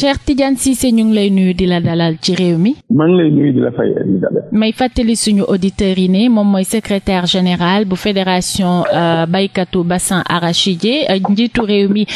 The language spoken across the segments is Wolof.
Cheikh Tidiane Cissé ñu ngi lay nuyu di la dalal ci réew mi. maa ngi lay nuyu di la fay may fàttali suñu auditeurs yi ne moom mooy secrétaire général bu fédération euh, baykatu bassin arachidier euh, njiitu réew mi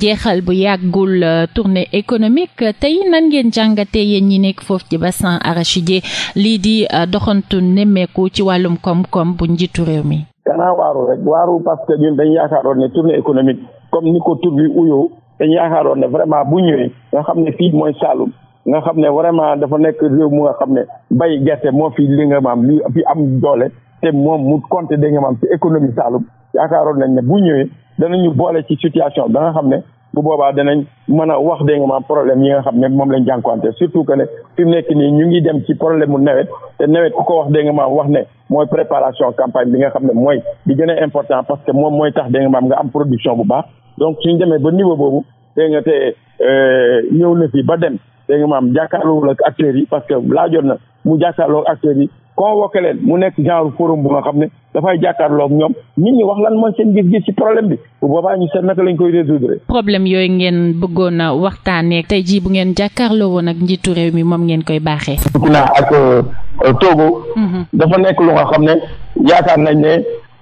jeexal bu yàggul euh, tournée économique tey nan ngeen jàngatee yéen ñi nekk foofu ci bassan arachidier lii di doxantu nemmeeku ci wàllum koom-koom bu njiitu réew mi. danaa waaru rek waaru parce que ñun dañ yaakaaroon ne tournée économique comme ni ko tur bi uyoo te ñu yaakaaroon ne vraiment bu ñëwee nga xam ne fii mooy Saloum nga xam ne vraiment dafa nekk réew mu nga xam ne bay gerte moo fi li nga maam li fi am doole te moom mu compté da nga maam ci économie yaakaaroon nañ ne bu ñëwee danañu boole ci situation da xam ne bu boobaa danañ mën a wax dégg maam problème yi nga xam ne moom lañ jànkuwante surtout que ne fi nekk nii ñu ngi dem ci problème mu nawet te nawet ku ko wax dégg nga maam wax ne mooy préparation campagne bi nga xam ne mooy di gën a important parce que moom mooy tax dégg nga maam nga am production bu baax donc suñu demee ba niveau boobu dégg nga te euh, ñëw na fii ba dem dégg nga maam jàkkaarloo ak acteurs yi parce que laajoon na mu jàkkaarloo ak acteurs yi kon convoqué leen mu nekk genre forum bu nga xam ne dafay jàkkaarloog ñoom nit ñi wax lan mooy seen gis-gis ci problème bi bu boobaa ñu seet naka lañ koy résoudre. problème yooyu ngeen bëggoon a waxtaanee tey jii bu ngeen jàkkaarloo woon ak njiitu réew mi moom ngeen koy baaxee. naa ak euh, euh, Togo. Mm-hmm. dafa nekk lu nga xam ne yaakaar nañ ne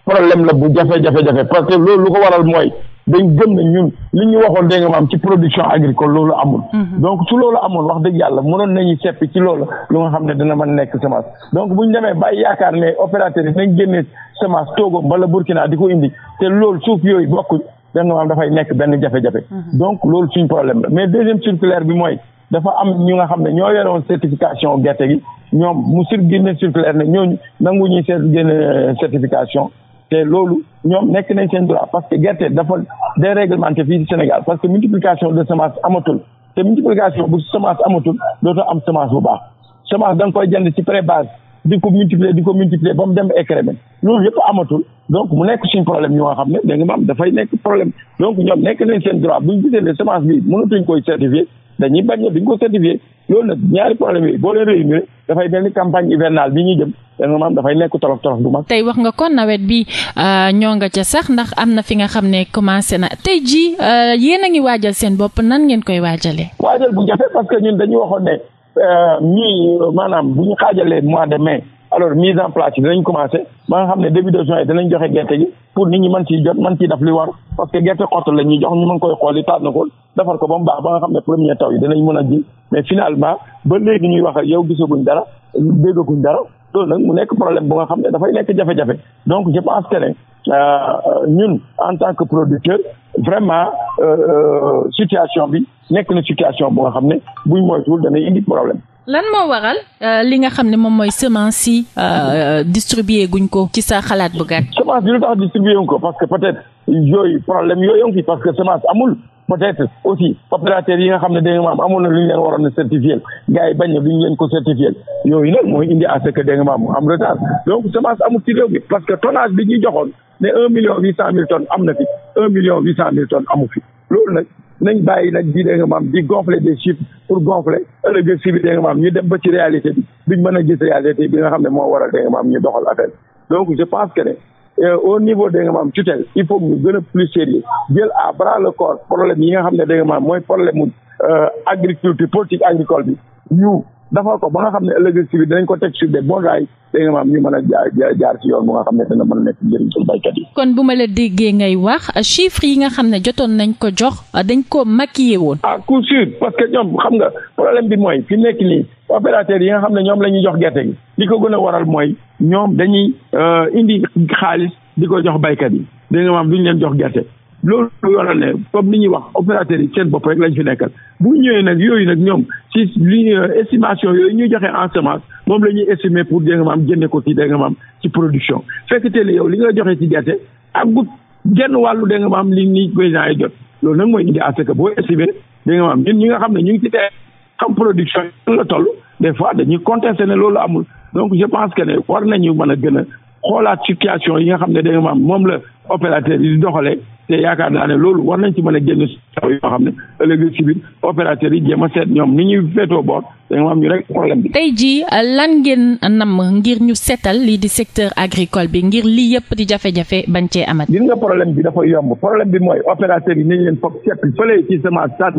problème la bu jafe-jafe-jafe parce que loolu lu ko waral mooy. dañ gën ne ñun li ñu waxoon dégg nga maam ci production agricole loolu amul. Mhm. donc su loolu amoon wax dëgg yàlla mënoon nañu seppi ci loolu lu nga xam ne dina mën nekk semence donc bu demee bàyyi yaakaar ne opérateur yi dinañ génnee semence Togo wala di ko indi te loolu suuf yooyu bokkuñ dégg nga maam dafay nekk benn jafe mhm. donc loolu suñ problème la mais deuxième circulaire bi mooy dafa am ñu nga xam ne ñoo yore certification gerte gi ñoom mu sur génne circulaire ne ñooñu nanguñuy seet génne certification. te loolu ñoom nekk nañ seen droit parce que gerte dafa déréglementé fii ci Sénégal parce que multiplication de semence amatul te multiplication bu semence amatul dootoo am semence bu baax semence da nga koy jënd ci pré base di ko multiplier di ko multiplier ba mu dem écrémé loolu yëpp amatul donc mu nekk suñ problème yoo xam ne da nga maam dafay nekk problème donc ñoom nekk nañ seen droit bu ñu gisee ne semence bi mënatuñ koy certifier dañuy bañ ne duñ ko certifier loolu nag ñaari problème yi boo leen réunir dafay mel campagne hivernale bi ñuy jëm te maanaam dafay nekk torof torof bu mag. tey wax nga kon nawet bi euh, ñoo nga ca sax ndax am na fi nga xam ne commencé na tey jii euh, yéen a ngi waajal seen bopp nan ngeen koy waajalee. waajal bu jafe parce que ñun dañuy waxoon ne euh, ñii maanaam bu ñu xaajalee mois de mai. alors mise en place yi dinañ commencé ba nga xam ne début de juin dinañ joxe gerte gi pour nit ñi mën ciy jot mën ciy def li war parce que gerte xott la ñuy jox ñu mën koy xool yi taat na ko defar ko ba mu baax ba nga xam ne premier taw yi dinañ mën a ji mais finalement ba léegi ñuy wax yow yow gisaguñ dara déggaguñ dara loolu nag mu nekk problème bu nga xam ne dafay nekk jafe-jafe donc je pense que euh, euh, ñun en tant que producteur vraiment euh, situation bi nekk na situation bu nga xam ne buñ moytuwul dana indi problème lan moo waral euh, li nga xam ne moom mooy semence yi euh, euh, distribué guñ ko ci sa xalaat bu gàtt. semence bi lu tax distribué wuñ ko parce que peut-être yooyu problème yooyu ngi yi nga xam ne da nga maam amoon na lu ñu leen waroon a certifié gars yi bañ na duñ leen ko certifié yooyu nag mooy indi à ce que da nga maam am retard donc semence amul ci réew mi parce que tonnage bi ñu joxoon ne un million huit cent mille tonnes am na fi un million huit cent fi loolu nag nañ bàyyi nag di da nga maam pour gonfler ëllëg si bi dégg nga maam ñu dem ba ci réalité bi duñ mën a gis réalité bi nga xam ne moo waral dégg nga maam ñu doxal affaire donc je pense que ne euh, au niveau dégg nga maam tutelle il faut ñu gën a plus sérieux jël à bras le corps problème yi nga xam ne dégg nga maam mooy problème mu euh, agriculture politique agricole bi ñu dafa ko ba nga xam ne ëllëg si biir dinañ ko teg sur des bons rails dégg ñu mën a jaar jaar ci yoon bu nga xam ne dana mën a nekk njëriñ sur baykat yi. kon bu ma la déggee ngay wax chiffres yi nga xam ne jotoon nañ ko jox dañ ko maquillé woon. à coup sûr parce que ñoom xam nga problème bi mooy fi nekk nii opérateurs yi nga xam ne ñoom la ñuy jox gerte gi li ko gën a waral mooy ñoom dañuy euh, indi xaalis di ko jox baykat yi dégg nga maam duñ leen jox gerte loolu yoonal ne comme ni ñuy wax opérateurs yi seen bopp rek lañ fi nekkal bu ñëwee nag yooyu nag ñoom ci li euh, estimation yooyu ñuy joxe en semence moom la ñuy estimer pour dégg nga maam jënde ko ci dégg nga maam ci production fekk te yow li nga joxe ci gerte ak gut genn wàllu dégg nga maam li ni paysans yi jot loolu nag mooy indi à ce boo estimer dégg nga ñi nga xam ne ñu ngi ci tee xam production la toll des fois dañuy contester ne loolu amul donc je pense que ne war nañu man a gën a xoolaat situation yi nga xam ne dégg nga maam moom la opérateur yi di te yaakaar naa ne loolu war nañ ci mën a génn saw yoo xam ne ëllëg ci biir opérateur yi jéem a seet ñoom ni ñuy féetoo boor dañoo am ñu rek problème bi. tey jii lan ngeen namm ngir ñu seetal lii di secteur agricole bi ngir lii yëpp di jafe-jafe cee amat. gis nga problème bi dafa yomb problème bi mooy yi nañ leen foog seet fële ci semence saat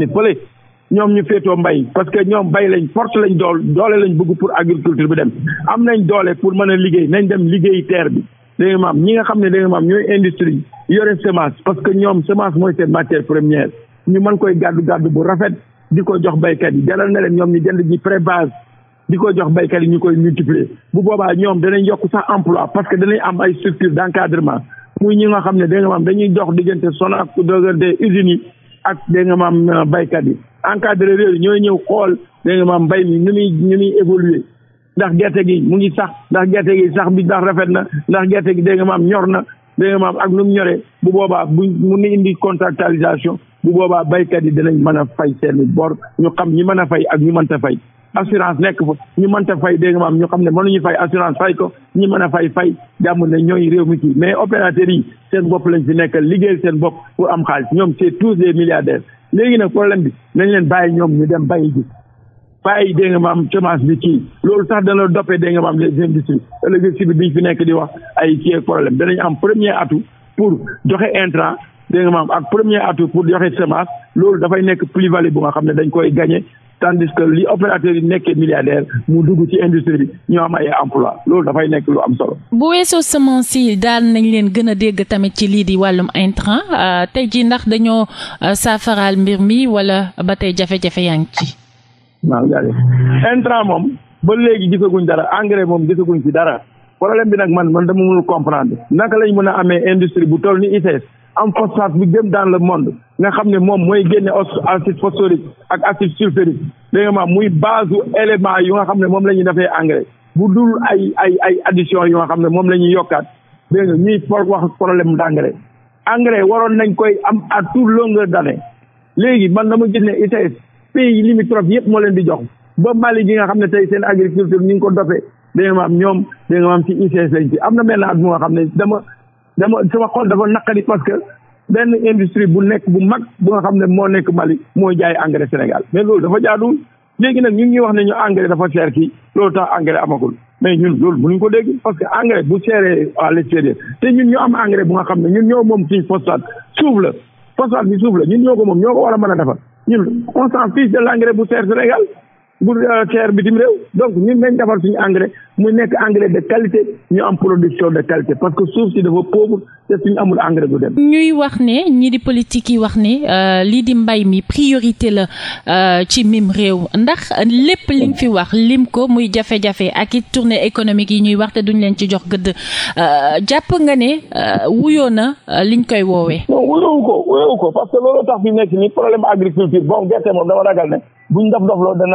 ñoom ñu mbay parce que ñoom bay lañ lañ dool doole lañ bëgg pour agriculture bi dem am nañ doole pour mën a liggéey nañ dem liggéey terre bi. dégg nga maam ñi nga xam ne dégg nga maam ñooy industrie yore semence parce que ñoom semence mooy seen matière première ñu mën koy gàddu gàddu bu rafet di ko jox baykat yi jaral na leen ñoom ñu jënd ji pré base di ko jox baykat yi ñu koy multiplier bu boobaa ñoom danañ yokk sax emploi parce que danañ am ay structure d' encadrement muy ñi nga xam ne dégg nga maam dañuy dox diggante Sonac diggante usines yi ak dégg nga maam euh, baykat yi encadreur yooyu ñooy ñëw xool dégg nga maam mbay mi ñu muy ñu muy ndax gerte gi mu ngi sax ndax gerte gi sax bi ndax rafet na ndax gerte gi dégg nga maam ñor na dégg maam ak nu mu ñoree bu boobaa bu mu ni indi contractualisation bu boobaa baykat yi danañ mën a fay seeni bor ñu xam ñi mën a fay ak ñu mën mënta fay assurance nekk fa ñu mënta fay dégg nga maam ñu xam ne mënuñu fay assurance fay ko ñi mën a fay fay jàmm ne ñooy réew mi ci mais opérateurs yi seen bopp lañ fi nekka liggéeyal seen bopp pour am xaalis ñoom c'est tous des milliardaires léegi nag problème bi nañ leen bàyyi ñoo ñu dem bàyyi ji bàyyi dégg nga maam bi kii loolu sax dana doppee dégg nga maam les industries bi biñ fi nekk di wax ay kii ak problème danañ am premier atout pour joxe intrant dégg nga ak premier atout pour joxe semence loolu dafay nekk plus-value bu nga xam ne dañ koy gagné tandis que li opérateur yi nekkee milliardaire mu dugg ci industrie bi ñoo am ay emploi loolu dafay nekk lu am solo. bu weesoo semence yi daal nañ leen gën a dégg tamit ci lii di wàllum intrant euh, tey jii ndax dañoo euh, saafaraal mbir mi wala ba tey jafe-jafe waaw jaajëf intrant moom ba léegi gisaguñ dara engrais moom guñ ci dara problème bi nag man man dama mënul comprendre naka lañ mën a amee industrie bu toll ni ICS am phosphate bu jëm dans le monde nga xam ne moom mooy génne acide phosphorique ak acide sulfurique dégg nga maam muy base élément yu nga xam ne moom la ñuy defee engrais bu dul ay ay ay addition yu nga xam ne moom la ñuy yokkaat dégg nga ñuy for wax problème d'engrais engrais waroon nañ koy am à tout longueur d'année léegi man dama pays limitrophes yëpp moo leen di jox ba Mali gi nga xam ne tey seen agriculture ni nga ko dopee da maam ñoom da nga maam ci ICS lañ ci am na benn at moo xam ne dama dama sama xol dafa naqari parce que benn industrie bu nekk bu mag bu nga xam ne moo nekk Mali mooy jaay engrais Sénégal mais loolu dafa jaaduwul léegi nag ñu ngi wax ne ñu engrais dafa cher kii loolu tax engrais amagul mais ñun loolu mënuñ ko dégg parce que engrais bu seeree à l'extérieur te ñu am engrais bu nga xam ne ñun ñoo moom suñu phosphate suuf ko moom ñoo ko mën a defar ñun on s'en fiche de l'engrais bu seer Sénégal bu seer euh, bitim réew donc ñun nañ defar suñu engrais mu nekk engrais de qualité ñu am production de qualité parce que suuf si dafa pauvre te suñu amul engrais du dem. ñuy wax ne ñii di politique yi wax ne euh, lii di mbay mi priorité la euh, ci mim réew ndax lépp li fi wax lim ko muy jafe-jafe ak it tournée économique yi ñuy wax te duñ leen ci jox gëdd euh, jàpp nga ne wuyoo na liñ koy woowee. non wuyoo ko wuyoo ko parce que loolu tax fi nekk ni problème agriculture bon gerte moom dama ragal ne buñ daf dof loolu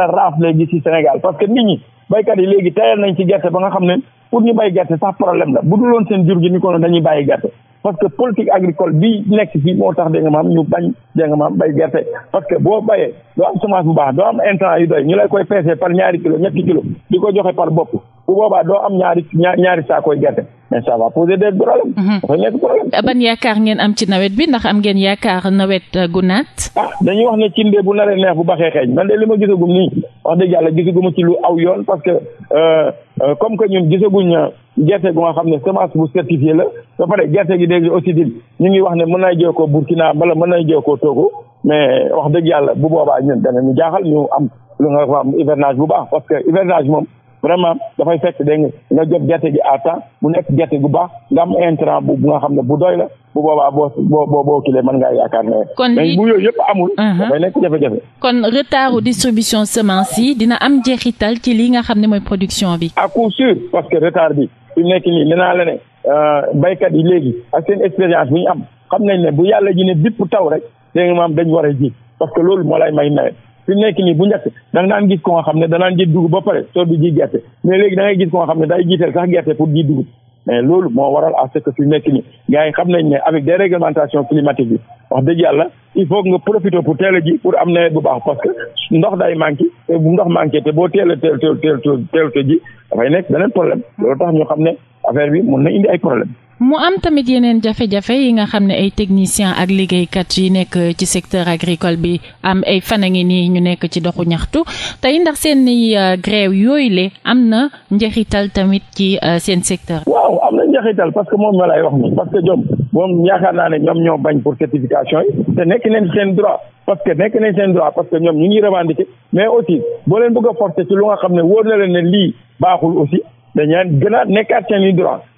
baykat yi léegi tayal nañ ci gerte ba nga xam ne pour ñu bay gerte sax problème la bu dul seen jur gi ni ko noonu bàyyi gerte parce que politique agricole bi nekk fii moo tax de nga maam ñu bañ dégg nga am bay gerte parce que boo bayee doo am semence bu baax doo am intrant yu doy ñu lay koy peese par ñaari kilo ñetti kilo di ko joxe par bopp bu boobaa doo am ñaari ñaari saa koy gerte mais ça va poser des problèmes. dafay mhm. nekk problème. Ah, ban yaakaar ngeen am ci nawet bi ndax am ngeen yaakaar nawet euh, gu naat. ah dañuy wax ne cinde bu naree neex bu baxee xeeñ man de li ma gisagum nii wax dëgg yàlla gisaguma ci lu aw yoon parce que euh, euh, comme que ñun gisaguñ gerte gu nga xam ne semence bu certifier la ba pare gerte gi dégg aussi di ñu ngi wax ne mën naa jëw koo Burkina bala mën na jëw koo Togo mais wax dëgg yàlla bu boobaa ñun ñu jaaxal ñu am lu nga xam hivernage bu baax parce que hivernage moom. vraiment dafay fekk dégg nga jot gerte gi à temps mu nekk gerte gu baax nga am intrant bu nga xam ne bu doy la bu boobaa boo boo boo boo kilee mën ngaa yaakaar ne. kon lii mais bu yooyu yëpp amul. Uh-huh. dafay nekk jafe-jafe. kon retardu distribution semence yi dina am jeexital ci lii nga xam ne mooy production bi. à coup sûr parce que retard bi fi nekk nii nee naa la ne euh, baykat yi léegi ak seen expérience bi ñu am xam nañ ne bu yàlla ji ne bépp taw rek dégg nga maam dañ war a ji parce que loolu moo lay may nawet. fi nekk nii bu njëkk da nga daan gis ko nga xam ne danaan ji dugub ba pare soo bi ji gerte mais léegi da ngay gis ko nga xam ne day jiital sax gerte pour ji dugub mais loolu moo waral à ce que nekk nii gars xam nañ ne avec des réglementations climatique bi wax dëgg yàlla il faut nga profiter pour teel ji pour am nawet bu baax parce ndox day manqué te bu ndox manqué te boo teel a teel teel teel teel ji dafay nekk beneen problème loolu tax ñu xam ne affaire bi mun na indi ay problème mu am tamit yeneen jafe-jafe yi nga xam ne ay techniciens ak liggéeykat yi nekk ci secteur agricole bi am ay fan a ngi nii ñu nekk ci doxu ñaxtu tey ndax seen i euh, grève yooyu le am na njeexital tamit ci euh, seen secteur. waaw am na njeexital parce que moom ma lay wax nii parce que ñoom moom yaakaar naa ne ñoom ñoo bañ pour certification yi te nekk nañ seen droit. parce que nekk nañ seen droit parce que ñoom ñu ngi revendiquer mais aussi boo leen bëgg a forcer xam ne wóor na leen ne lii baaxul aussi dañaan gën a nekkaat seen i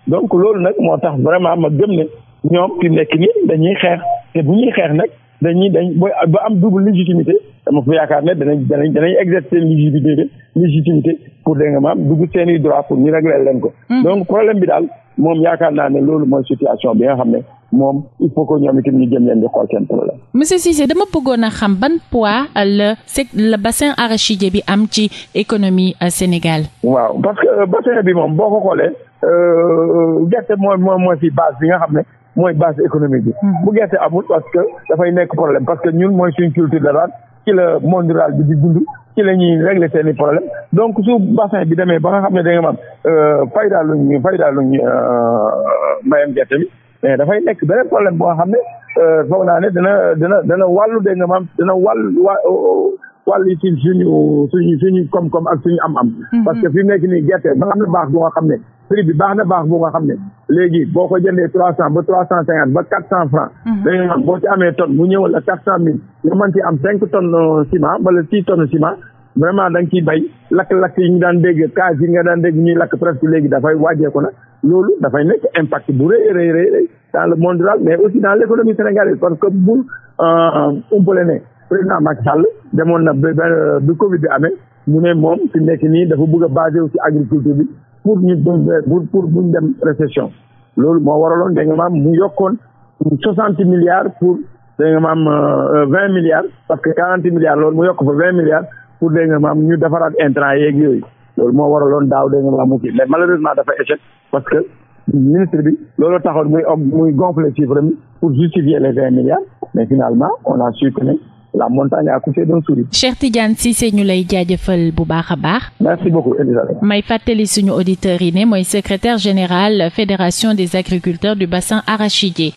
donc loolu nag moo tax vraiment ma gëm ne ñoom fi nekk ni dañuy xeex te bu ñuy xeex nag dañuy dañ booy ba am double légitimité dama ko yaakaar ne danañ danañ danañ exercer légitimité légitimité pour dégg nga maam dugg seen i droit pour ñu régler leen ko. Hmm. donc problème bi daal moom yaakaar naa ne loolu mooy situation bi nga xam ne moom il faut que ñoom itam ñu jëm leen di xool seen problème. monsieur Cissé dama bëggoon a xam ban poids la sec le bassin arachidier bi am ci économie euh, Sénégal. waaw parce que euh, bassin bi moom boo ko xoolee. Euh, gerte mooy mooy mooy fi base bi nga xam ne mooy base économique bi. Mm-hmm. bu gerte amul parce que dafay nekk problème parce que ñun mooy suñ culture la daal ci la monde rural bi di dund ci la ñuy régler seen i problème donc su bassin bi demee ba nga xam ne da nga maam euh, fayda luñ fayda luñ euh, mayam gerte bi mais dafay nekk beneen problème boo xam ne foog naa ne dana dana dana wàllu dégg nga maam dana wàllu wa wàllu ci suñu suñu suñu koom-koom ak suñu am-am. Mm-hmm. parce que fi nekk nii gerte ba am na baax bu nga xam ne prix bi baax na baax boo nga xam ne léegi boo ko jëndee trois cent ba trois cent cinquante ba quatre cent franc. Mm-hmm. dañuy boo ci amee tonne mu ñëwal la quatre cent mille nga man ci am cinq tonnes ciment wala six tonnes ciment. vraiment da nga bay lakk-lakk yi ñu daan dégg cas yi nga daan dégg ñuy lakk presque léegi dafay wàññeeku na loolu dafay nekk impact bu rëy rëy rëy dans le monde rural mais aussi dans l' économie sénégalaise parce que bu euh, euh, umpale ne président Macky Sall. demoon na ba bi Covid bi amee mu ne moom fi nekk nii dafa bëgg a basé wu ci agriculture bi pour ñu pour pour buñ dem récession loolu moo waraloon da nga maam mu yokkoon soixante milliards pour da nga maam euh, vingt milliards parce que quarante milliards loolu mu yokk fa vingt milliards pour da nga maam ñu defaraat intrant yeeg yooyu loolu moo waraloon daaw da nga maam mu kii mais malheureusement dafa échec parce que ministre bi loolu taxoon muy muy gonfler chiffre mi pour justifier les vingt milliards mais finalement on a su que la montagne a accouché d'un sourire. Cheikh Tidiane Cissé ñu lay jaajëfal bu baax a baax. merci beaucoup Elisabeth. may fàttali suñu auditeurs yi ne mooy secrétaire général fédération des agriculteurs du bassin arachidier.